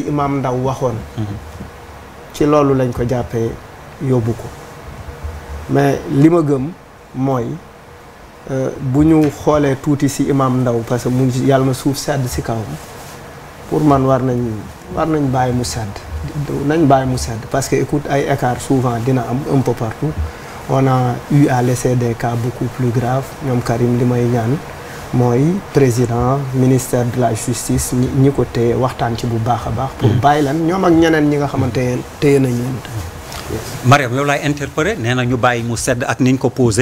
li imaam ndaw waxoon ci loolu lañ ko jàppee yóbbu ko mais li ma gëm mooy euh, bu ñu xoolee tuuti si imaam ndaw parce que mu ngi yàlla na suuf sedd si kaw pour man war nañ war nañ bàyyi mu sedd nañ bàyyi mu sedd parce que écoute ay écart souvent dina am un peu partout on a eu à laisser des cas plus graves ñoom Karim li may ñaan mooy président ministère de la justice ñi ko téye waxtaan ci bu baax a baax. pour mm-hmm. bàyyi lan ñoom ak ñeneen ñi nga xamante ne téye nañ leen. Mariam yow laay interpellé nee na ñu bàyyi mu sedd ak niñ ko posé.